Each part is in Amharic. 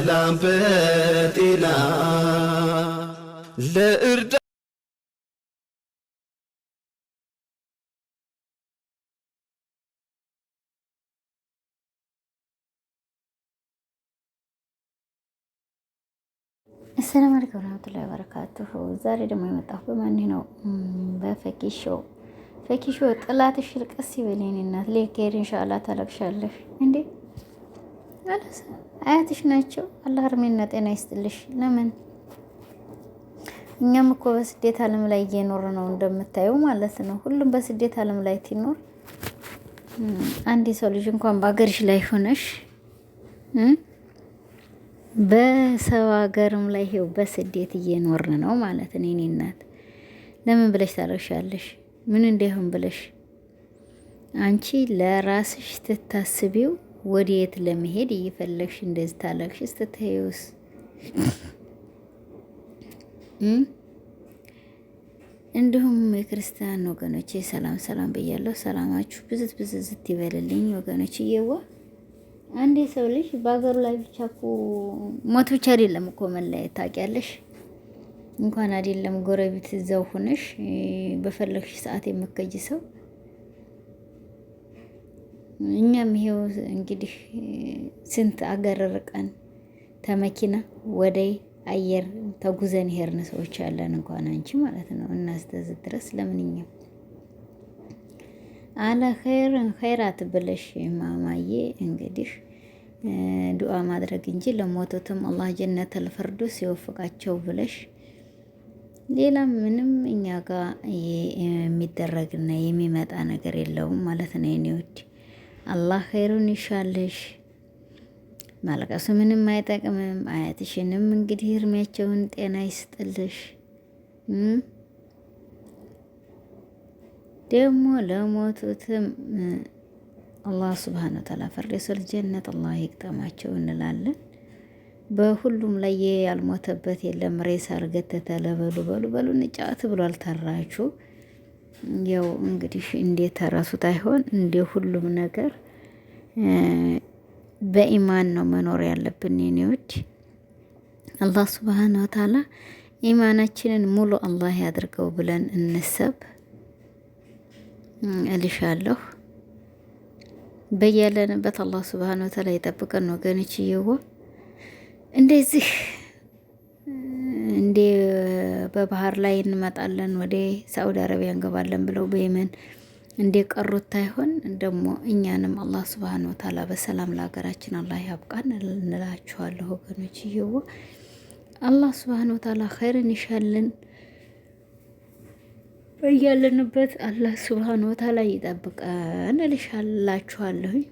በሰላም በጤና ለእርዳ አሰላም አለይኩም ወራህመቱላሂ ወበረካቱሁ። ዛሬ ደግሞ የመጣሁ በማን ነው? በፈኪሾ ፈኪሾ ጥላትሽ ልቀስ ይበል የኔ እናት። ሌኬር ኢንሻአላህ ታለቅሻለሽ እንዴ አላሰ አያትሽ ናቸው። አላህ እድሜና ጤና ይስጥልሽ። ለምን እኛም እኮ በስደት ዓለም ላይ እየኖር ነው እንደምታየው ማለት ነው። ሁሉም በስደት ዓለም ላይ ትኖር አንድ ሰው ልጅ እንኳን በሀገርሽ ላይ ሆነሽ በሰው ሀገርም ላይ ይሄው በስደት እየኖር ነው ማለት ነው። እኔ እናት ለምን ብለሽ ታረግሻለሽ? ምን እንዲሆን ብለሽ አንቺ ለራስሽ ትታስቢው ወዴት ለመሄድ እየፈለግሽ እንደዚህ ታለቅሽ ስትተይውስ እንዲሁም የክርስቲያን ወገኖቼ ሰላም ሰላም ብያለሁ። ሰላማችሁ ብዝት ብዝዝት ይበልልኝ ወገኖች። እየዋ አንዴ ሰው ልጅ በሀገሩ ላይ ብቻ እኮ ሞት ብቻ አይደለም እኮ መለያየት ታውቂያለሽ። እንኳን አይደለም ጎረቤት እዛው ሆነሽ በፈለግሽ ሰዓት የምከጅ ሰው እኛም ይሄው እንግዲህ ስንት አገር ርቀን ተመኪና ወደ አየር ተጉዘን ሄርን ሰዎች ያለን እንኳን አንቺ ማለት ነው። እናስተዝ ድረስ ለምንኛው አለ ኸይር ኸይራት ብለሽ ማማዬ እንግዲህ ዱዓ ማድረግ እንጂ ለሞቱትም አላህ ጀነት ፈርዶስ ይወፍቃቸው ብለሽ ሌላ ምንም እኛ ጋር የሚደረግና የሚመጣ ነገር የለውም ማለት ነው የኔ ውድ አላህ ኸይሩን ይሻለሽ። ማልቀሱ ምንም አይጠቅምም። አያትሽንም እንግዲህ እርሜያቸውን ጤና ይስጥልሽ። ደግሞ ለሞቱትም አላህ ስብሓነ ወተዓላ ፈርደሱል ጀነት አላህ ይቅጠማቸው እንላለን። በሁሉም ላይ ያልሞተበት የለም። ሬሳ አልገተተ ለበሉ በሉ በሉ እንጫወት ብሏል ተራችሁ ያው እንግዲህ እንደ ተረሱት አይሆን እንዴ ሁሉም ነገር በኢማን ነው መኖር ያለብን። ኔኔዎች አላህ ስብሓን ወተዓላ ኢማናችንን ሙሉ አላህ ያድርገው ብለን እንሰብ እልሻለሁ። በያለንበት አላህ ስብሓን ወተዓላ የጠብቀን ወገኖች እየዋ እንደዚህ በባህር ላይ እንመጣለን ወደ ሳዑዲ አረቢያ እንገባለን ብለው በየመን እንደቀሩት ታይሆን ደግሞ እኛንም አላህ ስብሃነ ወተዓላ በሰላም ለሀገራችን አላህ ያብቃን እንላችኋለሁ ወገኖች። እየዋ አላህ ስብሃነ ወተዓላ ኸይርን ይሻልን እያለንበት አላህ ስብሃነ ወተዓላ ይጠብቀን እልሻላችኋለሁኝ።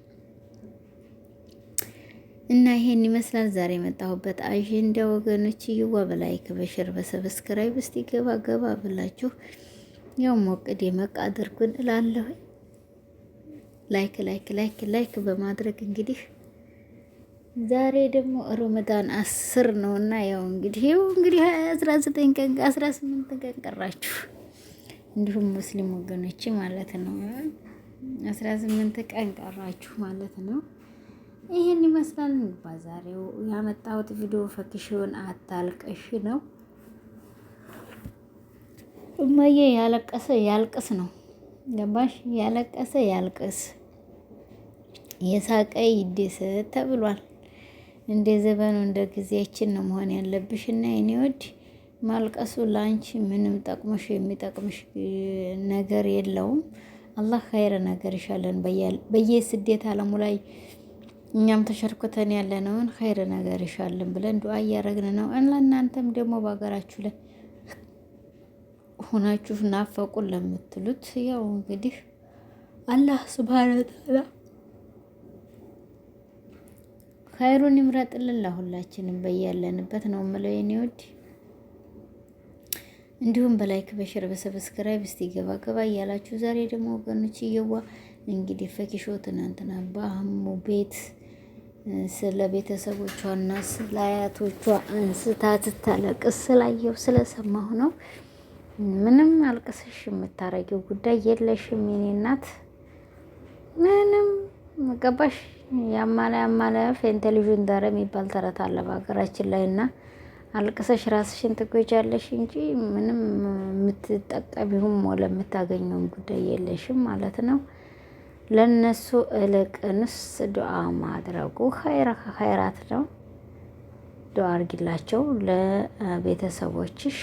እና ይሄን ይመስላል ዛሬ የመጣሁበት አጀንዳ ወገኖች፣ ይዋ በላይክ በሸር በሰብስክራይብ እስቲ ገባ ገባ ብላችሁ ያው ሞቅድ ደመቅ አድርጉን እላለሁ። ላይክ ላይክ ላይክ ላይክ በማድረግ እንግዲህ ዛሬ ደግሞ ረመዳን አስር ነውና ያው እንግዲህ ይኸው እንግዲህ 19 ቀን 18 ቀን ቀራችሁ እንዲሁም ሙስሊም ወገኖች ማለት ነው 18 ቀን ቀራችሁ ማለት ነው። ይህን ይመስላል ባዛሬው ያመጣሁት ቪዲዮ። ፈክሽውን አታልቀሽ ነው እማዬ። ያለቀሰ ያልቅስ ነው ገባሽ? ያለቀሰ ያልቅስ የሳቀ ይደሰት ተብሏል። እንደ ዘመኑ እንደ ጊዜያችን ነው መሆን ያለብሽ። እና የኔ ወድ ማልቀሱ ለአንቺ ምንም ጠቅሞሽ የሚጠቅምሽ ነገር የለውም። አላህ ኸይረ ነገር ይሻለን። በየስደት አለሙ ላይ እኛም ተሸርኩተን ያለነውን ኸይር ነገር ይሻልን ብለን ዱዓ እያረግን ነው። እናንተም ደግሞ በሀገራችሁ ላይ ሁናችሁ ናፈቁን ለምትሉት ያው እንግዲህ አላህ ስብሃነ ኸይሩን ይምረጥልን ለሁላችንም በያለንበት ነው የምለው የኔ ወድ። እንዲሁም በላይክ በሽር በሰብስክራይብ እስቲ ገባ ገባ እያላችሁ ዛሬ ደግሞ ወገኖች እየዋ እንግዲህ ፈኪሾ ትናንትና በአህሙ ቤት ስለ ቤተሰቦቿና ስለ አያቶቿ እንስታ ትታለቅስ ስላየው ስለሰማሁ ነው። ምንም አልቅስሽ የምታረጊው ጉዳይ የለሽም የኔ እናት። ምንም ገባሽ? ያማለ ያማለ ፌንቴሊዥን ዳረ የሚባል ተረት አለ በሀገራችን ላይ እና አልቅሰሽ ራስሽን ትጎጃለሽ እንጂ ምንም የምትጠቀሚውም ወለ የምታገኘውም ጉዳይ የለሽም ማለት ነው። ለነሱ እልቅንስ ዱዓ ማድረጉ ኸይራት ነው። ዱዓ አድርጊላቸው ለቤተሰቦችሽ።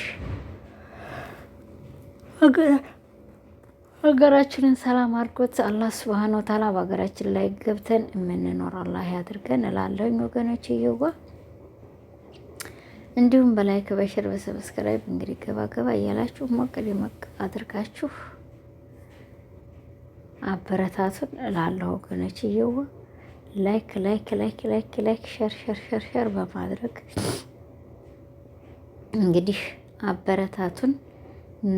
ሀገራችንን ሰላም አድርጎት አላህ ስብሃነ ወተዓላ በሀገራችን ላይ ገብተን የምንኖር አላህ ያድርገን እላለሁኝ ወገኖች እየዋ እንዲሁም በላይክ በሸር በሰብስክራይብ እንግዲህ ገባ ገባ እያላችሁ ሞቅ ደመቅ አድርጋችሁ አበረታቱን እላለሁ ወገኖችዬው። ላይክ ላይክ ላይክ ላይክ ላይክ ሸር ሸር ሸር ሸር በማድረግ እንግዲህ አበረታቱን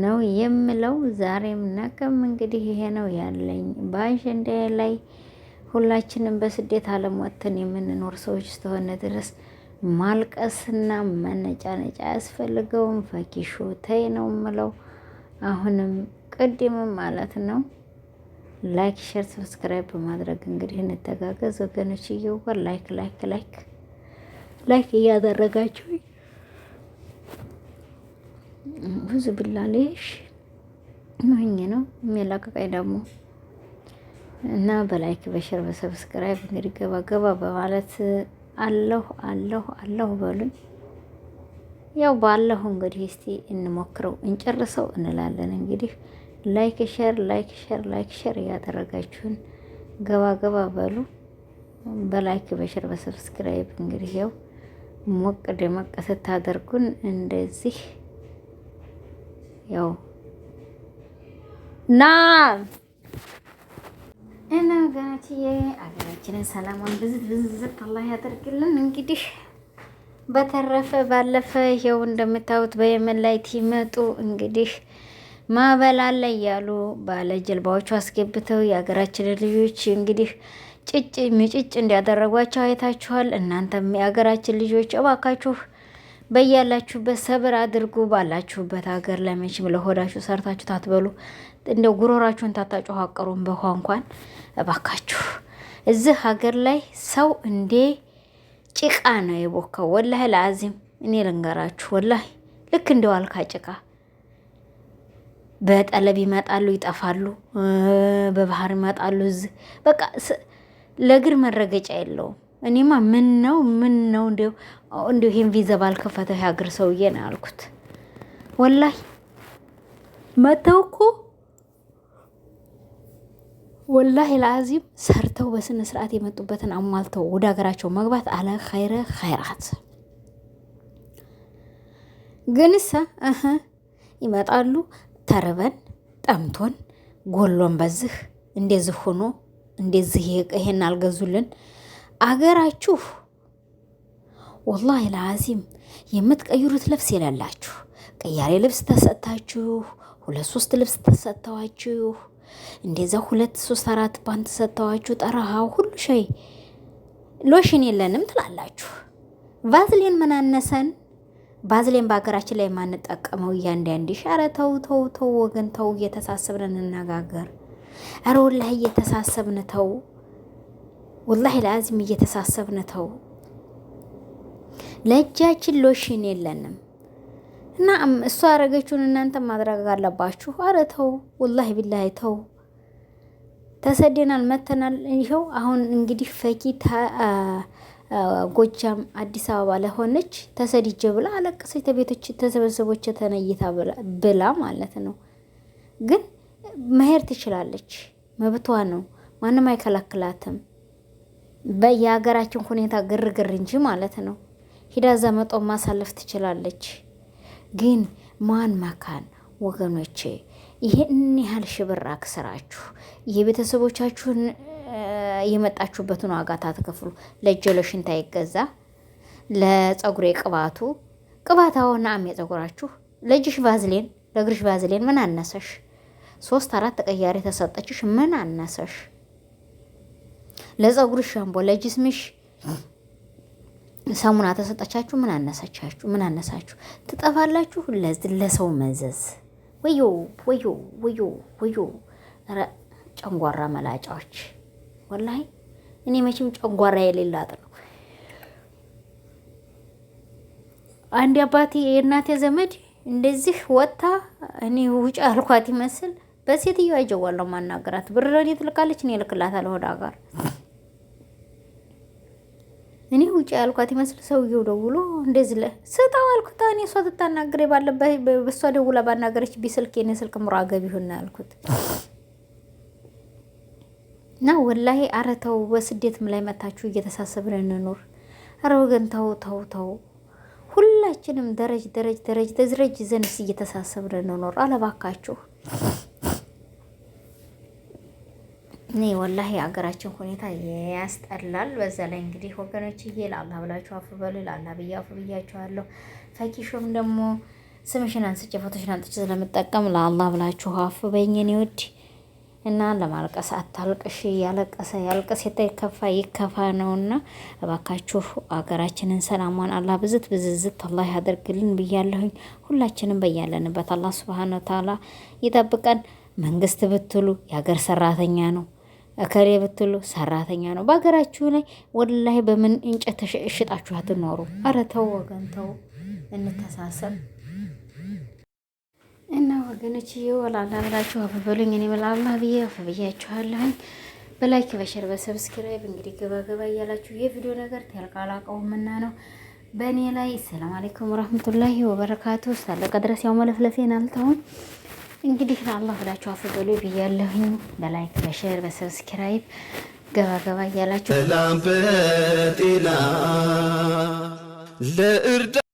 ነው የምለው። ዛሬም ነገም እንግዲህ ይሄ ነው ያለኝ በአጀንዳ ላይ ሁላችንም በስደት ዓለም ወጥተን የምንኖር ሰዎች እስከሆነ ድረስ ማልቀስና መነጫነጫ አያስፈልገውም። ፈኪሾ ተይ ነው የምለው አሁንም ቅድምም ማለት ነው። ላይክ ሼር፣ ሰብስክራይብ በማድረግ እንግዲህ እንተጋገዝ ወገኖች። እየወር ላይክ ላይክ ላይክ ላይክ እያደረጋችሁ ብዙ ብላለሽ ሆኝ ነው የሚላቀቀኝ ደግሞ እና በላይክ በሸር በሰብስክራይብ እንግዲህ ገባ ገባ በማለት አለሁ አለሁ አለሁ በሉኝ። ያው ባለሁ እንግዲህ እስቲ እንሞክረው እንጨርሰው እንላለን እንግዲህ ላይክ ሸር ላይክ ሸር ላይክ ሸር እያደረጋችሁን ገባ ገባ በሉ። በላይክ በሸር በሰብስክራይብ እንግዲህ ያው ሞቅ ደመቅ ስታደርጉን እንደዚህ ያው ና እና ወገኖችዬ አገራችንን ሰላሟን ብዝት ብዝት አላህ ያደርግልን። እንግዲህ በተረፈ ባለፈ ይኸው እንደምታዩት በየመን ላይ ቲመጡ እንግዲህ ማበላለ እያሉ ባለ ጀልባዎቹ አስገብተው የሀገራችንን ልጆች እንግዲህ ጭጭ ምጭጭ እንዲያደረጓቸው አይታችኋል። እናንተም የሀገራችን ልጆች እባካችሁ በያላችሁበት ሰብር አድርጉ። ባላችሁበት ሀገር ለመችም ለሆዳችሁ ሰርታችሁ ታትበሉ እንደ ጉሮራችሁን ታታጮኋቀሩም በኋ እንኳን እባካችሁ እዚህ ሀገር ላይ ሰው እንዴ ጭቃ ነው የቦካው። ወላህ ለአዚም እኔ ልንገራችሁ፣ ወላህ ልክ እንደዋልካ ጭቃ በጠለብ ይመጣሉ፣ ይጠፋሉ፣ በባህር ይመጣሉ። እዚህ በቃ ለእግር መረገጫ የለውም። እኔማ ምን ነው ምን ነው እንዲሁ እንዲሁ ቪዛ ባልከፈተው ያግር ሰውዬ ነው ያልኩት። ወላይ መተው እኮ ወላሂ ለአዚም ሰርተው በስነ ስርዓት የመጡበትን አሟልተው ወደ ሀገራቸው መግባት አለ ኸይረ ኸይራት። ግንሳ ይመጣሉ ተርበን ጠምቶን ጎሎን በዝህ እንደዚህ ሆኖ እንደዚህ ይሄን አልገዙልን አገራችሁ ወላሂ ለአዚም የምትቀይሩት ልብስ የሌላችሁ ቀያሬ ልብስ ተሰጥታችሁ ሁለት ሶስት ልብስ ተሰጥተዋችሁ እንደዛ ሁለት ሶስት አራት ፓንት ተሰጥተዋችሁ ጠረሃው ሁሉ ሸይ ሎሽን የለንም ትላላችሁ። ቫዝሊን ምን አነሰን? ባዝሌን በሀገራችን ላይ የማንጠቀመው እያንዳንድ ሻረ ተው ተው ተው ወገን ተው፣ እየተሳሰብን እንነጋገር። አረ ወላሂ እየተሳሰብን ተው፣ ወላሂ ለአዚም እየተሳሰብን ተው። ለእጃችን ሎሽን የለንም እና እሱ አረገችሁን እናንተ ማድረግ አለባችሁ። አረ ተው፣ ወላሂ ቢላሂ ተው። ተሰደናል መተናል። ይኸው አሁን እንግዲህ ፈኪ ጎጃም አዲስ አበባ ለሆነች ተሰድጄ ብላ አለቀሰች። ተቤቶች ተሰበሰቦች ተነይታ ብላ ማለት ነው። ግን መሄድ ትችላለች፣ መብቷ ነው። ማንም አይከላክላትም። የሀገራችን ሁኔታ ግርግር እንጂ ማለት ነው። ሂዳ ዘመጦ ማሳለፍ ትችላለች። ግን ማን መካን ወገኖቼ፣ ይሄን ያህል ሽብር አክስራችሁ የቤተሰቦቻችሁን የመጣችሁበትን ዋጋ ታትከፍሉ። ለጀሎሽን ታይገዛ፣ ለጸጉሬ ቅባቱ ቅባቱ ቅባታው ናም የጸጉራችሁ ለእጅሽ ቫዝሌን፣ ለእግርሽ ቫዝሌን ምን አነሰሽ? ሶስት አራት ተቀያሪ ተሰጠችሽ ምን አነሰሽ? ለፀጉርሽ ሻምቦ፣ ለጅስምሽ ሰሙና ተሰጠቻችሁ ምን አነሳቻችሁ? ምን አነሳችሁ? ትጠፋላችሁ ለሰው መዘዝ። ወዮ ወዮ ወዮ ወዮ! ጨንጓራ መላጫዎች ወላሂ እኔ መቼም ጨጓራ የሌላት ነው። አንድ አባቴ የእናቴ ዘመድ እንደዚህ ወጥታ እኔ ውጭ አልኳት ይመስል በሴትዮዋ ጀዋል ማናገራት። ብር እኔ ትልካለች፣ እኔ እልክላታለሁ ወደ ሀገር። እኔ ውጭ አልኳት ይመስል ሰውዬው ደውሎ እንደዚህ ለስጠው አልኩት። እኔ እሷ ትታናግሬ ባለበት በእሷ ደውላ ባናገረች ቢስልክ የኔ ስልክ ምራገብ ይሁን አልኩት። እና ወላሂ አረ ተው፣ በስደትም ላይ መታችሁ እየተሳሰብን እንኖር። አረ ወገን ተው ተው ተው፣ ሁላችንም ደረጅ ደረጅ ደረጅ ደረጅ ዘንስ እየተሳሰብን እንኖር። አለባካችሁ እኔ ወላሂ የአገራችን ሁኔታ ያስጠላል። በዛ ላይ እንግዲህ ወገኖች ወገኖችዬ ለአላህ ብላችሁ አፍ በሉ። ለአላህ ብዬ አፍ ብያችኋለሁ። ፈኪሾም ደግሞ ስምሽን አንስቼ ፎቶሽን አንጥቼ ስለምጠቀም ለአላህ ብላችሁ አፍ በይኝን ይወድ እና ለማልቀስ አታልቅሽ፣ ያለቀሰ ያልቀስ፣ የተከፋ ይከፋ ነው። እና እባካችሁ አገራችንን ሰላሟን አላህ ብዝት ብዝዝት አላህ ያደርግልን ብያለሁኝ። ሁላችንም በያለንበት አላህ ስብሓነ ወተዓላ ይጠብቀን። መንግስት ብትሉ የሀገር ሰራተኛ ነው፣ እከሌ ብትሉ ሰራተኛ ነው። በሀገራችሁ ላይ ወላሂ በምን እንጨት ተሸሽጣችሁ አትኖሩ። ኧረ ተው ወገን ተው፣ እንተሳሰብ። እና ወገኖች ይወላላ ብላችሁ አፍ በሉኝ። እኔ በላላ ብዬ አፍ ብያችኋለሁኝ። በላይክ በሸር በሰብስክራይብ እንግዲህ ገባ ገባ እያላችሁ የቪዲዮ ነገር ተልቃላቀውም ምና ነው በእኔ ላይ ሰላም አለይኩም ወራህመቱላሂ ወበረካቱ። ሳለቀ ድረስ ያው መለፍለፌን አልተውም። እንግዲህ ለአላህ ብላችሁ አፈበሉ ብያለሁኝ። በላይክ በሸር በሰብስክራይብ ገባ ገባ እያላችሁ ሰላም በጤና ለእርዳ